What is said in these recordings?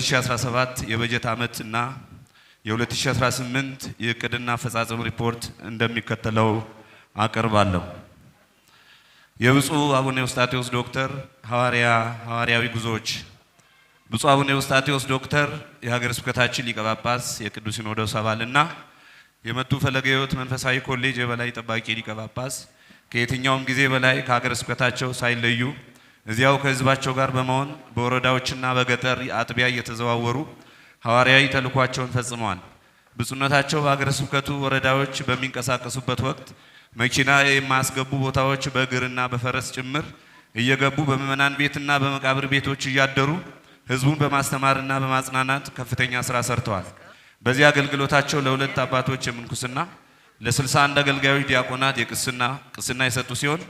የ የበጀት ዓመት እና የ2018 የእቅድና አፈጻጸም ሪፖርት እንደሚከተለው አቀርባለሁ። የብፁዕ አቡነ ውስጣቴዎስ ዶክተር ሐዋርያ ሐዋርያዊ ጉዞዎች ብፁዕ አቡነ ውስጣቴዎስ ዶክተር የሀገረ ስብከታችን ሊቀ ጳጳስ የቅዱስ ሲኖዶስ አባልና የመቱ ፈለገ ሕይወት መንፈሳዊ ኮሌጅ የበላይ ጠባቂ ሊቀ ጳጳስ ከየትኛውም ጊዜ በላይ ከሀገረ ስብከታቸው ሳይለዩ እዚያው ከህዝባቸው ጋር በመሆን በወረዳዎችና በገጠር አጥቢያ እየተዘዋወሩ ሐዋርያዊ ተልኳቸውን ፈጽመዋል። ብፁዕነታቸው በአገረ ስብከቱ ወረዳዎች በሚንቀሳቀሱበት ወቅት መኪና የማያስገቡ ቦታዎች በእግርና በፈረስ ጭምር እየገቡ በምእመናን ቤትና በመቃብር ቤቶች እያደሩ ህዝቡን በማስተማርና በማጽናናት ከፍተኛ ስራ ሰርተዋል። በዚህ አገልግሎታቸው ለሁለት አባቶች የምንኩስና፣ ለ61 አገልጋዮች ዲያቆናት የቅስና ቅስና የሰጡ ሲሆን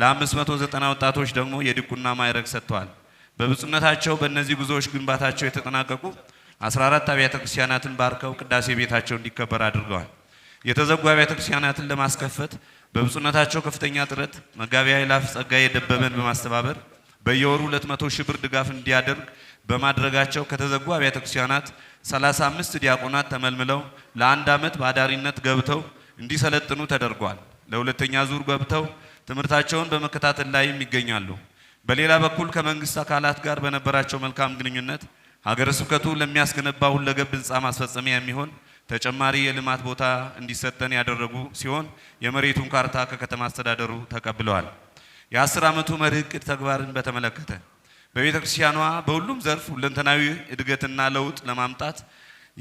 ለአምስት መቶ ዘጠና ወጣቶች ደግሞ የዲቁና ማዕረግ ሰጥተዋል። በብፁዕነታቸው በእነዚህ ጉዞዎች ግንባታቸው የተጠናቀቁ 14 አብያተ ክርስቲያናትን ባርከው ቅዳሴ ቤታቸው እንዲከበር አድርገዋል። የተዘጉ አብያተ ክርስቲያናትን ለማስከፈት በብፁዕነታቸው ከፍተኛ ጥረት መጋቢ ኃይላፍ ጸጋዬ ደበበን በማስተባበር በየወሩ 200 ሺህ ብር ድጋፍ እንዲያደርግ በማድረጋቸው ከተዘጉ አብያተ ክርስቲያናት 35 ዲያቆናት ተመልምለው ለአንድ ዓመት በአዳሪነት ገብተው እንዲሰለጥኑ ተደርጓል። ለሁለተኛ ዙር ገብተው ትምህርታቸውን በመከታተል ላይም ይገኛሉ። በሌላ በኩል ከመንግስት አካላት ጋር በነበራቸው መልካም ግንኙነት ሀገረ ስብከቱ ለሚያስገነባ ሁለገብ ህንፃ ማስፈጸሚያ የሚሆን ተጨማሪ የልማት ቦታ እንዲሰጠን ያደረጉ ሲሆን የመሬቱን ካርታ ከከተማ አስተዳደሩ ተቀብለዋል። የአስር ዓመቱ መርህ እቅድ ተግባርን በተመለከተ በቤተ ክርስቲያኗ በሁሉም ዘርፍ ሁለንተናዊ እድገትና ለውጥ ለማምጣት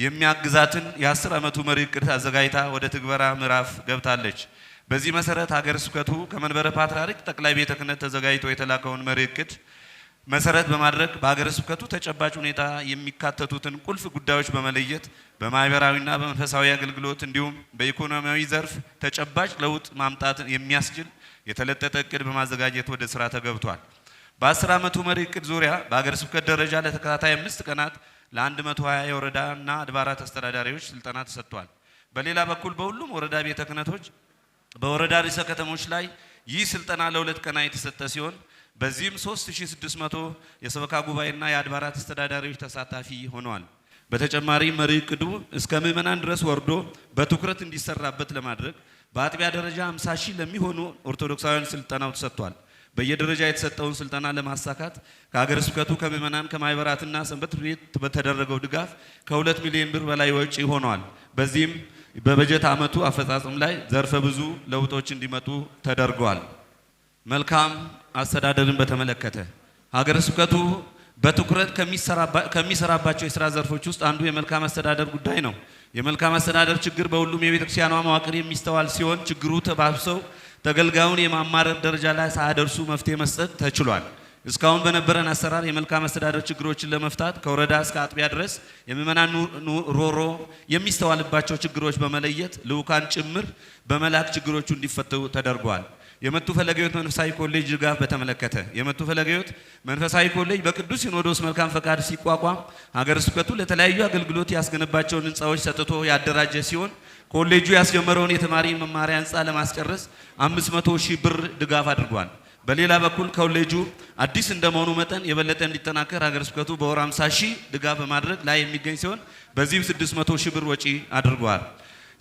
የሚያግዛትን የአስር ዓመቱ መርህ እቅድ አዘጋጅታ ወደ ትግበራ ምዕራፍ ገብታለች። በዚህ መሰረት ሀገረ ስብከቱ ከመንበረ ፓትርያርክ ጠቅላይ ቤተ ክህነት ተዘጋጅቶ የተላከውን መሪ እቅድ መሰረት በማድረግ በሀገረ ስብከቱ ተጨባጭ ሁኔታ የሚካተቱትን ቁልፍ ጉዳዮች በመለየት በማህበራዊና በመንፈሳዊ አገልግሎት እንዲሁም በኢኮኖሚያዊ ዘርፍ ተጨባጭ ለውጥ ማምጣት የሚያስችል የተለጠጠ እቅድ በማዘጋጀት ወደ ስራ ተገብቷል። በአስር ዓመቱ መሪ እቅድ ዙሪያ በሀገረ ስብከት ደረጃ ለተከታታይ አምስት ቀናት ለ120 የወረዳና አድባራት አስተዳዳሪዎች ስልጠና ተሰጥቷል። በሌላ በኩል በሁሉም ወረዳ ቤተ ክህነቶች በወረዳ ርዕሰ ከተሞች ላይ ይህ ስልጠና ለሁለት ቀና የተሰጠ ሲሆን በዚህም 3600 የሰበካ ጉባኤና የአድባራት አስተዳዳሪዎች ተሳታፊ ሆነዋል። በተጨማሪ መሪ እቅዱ እስከ ምዕመናን ድረስ ወርዶ በትኩረት እንዲሰራበት ለማድረግ በአጥቢያ ደረጃ 50 ሺህ ለሚሆኑ ኦርቶዶክሳውያን ስልጠናው ተሰጥቷል። በየደረጃ የተሰጠውን ስልጠና ለማሳካት ከሀገረ ስብከቱ ከምዕመናን ከማህበራትና ሰንበት ቤት በተደረገው ድጋፍ ከሁለት ሚሊዮን ብር በላይ ወጪ ሆኗል። በዚህም በበጀት ዓመቱ አፈጻጸም ላይ ዘርፈ ብዙ ለውጦች እንዲመጡ ተደርጓል። መልካም አስተዳደርን በተመለከተ ሀገረ ስብከቱ በትኩረት ከሚሰራባቸው የስራ ዘርፎች ውስጥ አንዱ የመልካም አስተዳደር ጉዳይ ነው። የመልካም አስተዳደር ችግር በሁሉም የቤተክርስቲያኗ መዋቅር የሚስተዋል ሲሆን ችግሩ ተባብሰው ተገልጋዩን የማማረር ደረጃ ላይ ሳያደርሱ መፍትሄ መስጠት ተችሏል። እስካሁን በነበረን አሰራር የመልካም አስተዳደር ችግሮችን ለመፍታት ከወረዳ እስከ አጥቢያ ድረስ የምዕመናን ሮሮ የሚስተዋልባቸው ችግሮች በመለየት ልዑካን ጭምር በመላክ ችግሮቹ እንዲፈቱ ተደርጓል። የመቱ ፈለገ ሕይወት መንፈሳዊ ኮሌጅ ድጋፍ በተመለከተ የመቱ ፈለገ ሕይወት መንፈሳዊ ኮሌጅ በቅዱስ ሲኖዶስ መልካም ፈቃድ ሲቋቋም ሀገረ ስብከቱ ለተለያዩ አገልግሎት ያስገነባቸውን ህንፃዎች ሰጥቶ ያደራጀ ሲሆን ኮሌጁ ያስጀመረውን የተማሪ መማሪያ ሕንፃ ለማስጨረስ 500 ሺህ ብር ድጋፍ አድርጓል። በሌላ በኩል ኮሌጁ አዲስ እንደመሆኑ መጠን የበለጠ እንዲጠናከር ሀገረ ስብከቱ በወር 50 ሺህ ድጋፍ በማድረግ ላይ የሚገኝ ሲሆን በዚህም 600 ሺህ ብር ወጪ አድርጓል።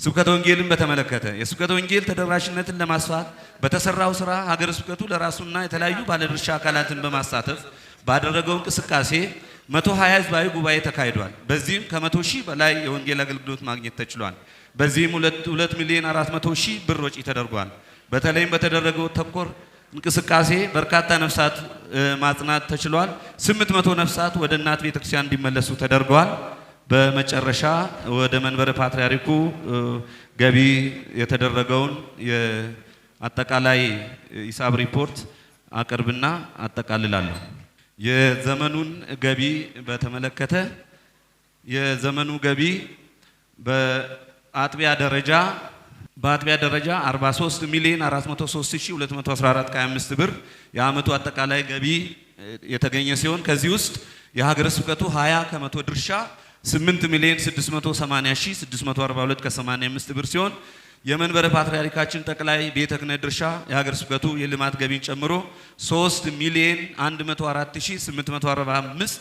ስብከተ ወንጌልን በተመለከተ የስብከተ ወንጌል ተደራሽነትን ለማስፋት በተሰራው ስራ ሀገረ ስብከቱ ለራሱና የተለያዩ ባለድርሻ አካላትን በማሳተፍ ባደረገው እንቅስቃሴ 120 ህዝባዊ ጉባኤ ተካሂዷል። በዚህም ከ100 ሺህ በላይ የወንጌል አገልግሎት ማግኘት ተችሏል። በዚህም 2 ሚሊዮን 400 ሺህ ብር ወጪ ተደርጓል። በተለይም በተደረገው ተኮር እንቅስቃሴ በርካታ ነፍሳት ማጽናት ተችሏል። ስምንት መቶ ነፍሳት ወደ እናት ቤተክርስቲያን እንዲመለሱ ተደርገዋል። በመጨረሻ ወደ መንበረ ፓትርያርኩ ገቢ የተደረገውን የአጠቃላይ ሂሳብ ሪፖርት አቅርብና አጠቃልላለሁ። የዘመኑን ገቢ በተመለከተ የዘመኑ ገቢ በአጥቢያ ደረጃ በአጥቢያ ደረጃ 43 ሚሊዮን 403214 ከ25 ብር የአመቱ አጠቃላይ ገቢ የተገኘ ሲሆን ከዚህ ውስጥ የሀገረ ስብከቱ 20 ከመቶ ድርሻ 8 ሚሊዮን 680642 ከ85 ብር ሲሆን የመንበረ ፓትርያርካችን ጠቅላይ ቤተ ክህነት ድርሻ የሀገረ ስብከቱ የልማት ገቢን ጨምሮ 3 ሚሊዮን 104845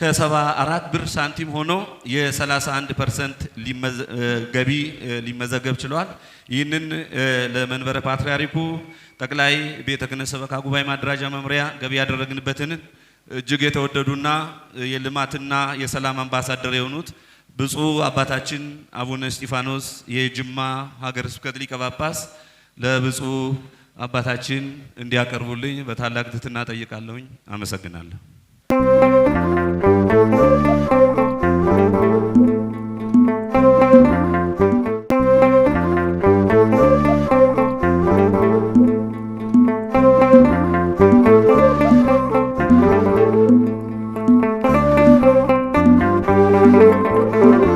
ከሰባ አራት ብር ሳንቲም ሆኖ የ31 ፐርሰንት ገቢ ሊመዘገብ ችሏል። ይህንን ለመንበረ ፓትርያርኩ ጠቅላይ ቤተ ክህነት ሰበካ ጉባኤ ማደራጃ መምሪያ ገቢ ያደረግንበትን እጅግ የተወደዱና የልማትና የሰላም አምባሳደር የሆኑት ብፁዕ አባታችን አቡነ እስጢፋኖስ የጅማ ሀገረ ስብከት ሊቀ ጳጳስ ለብፁዕ አባታችን እንዲያቀርቡልኝ በታላቅ ትሕትና ጠይቃለሁኝ። አመሰግናለሁ። Thank you.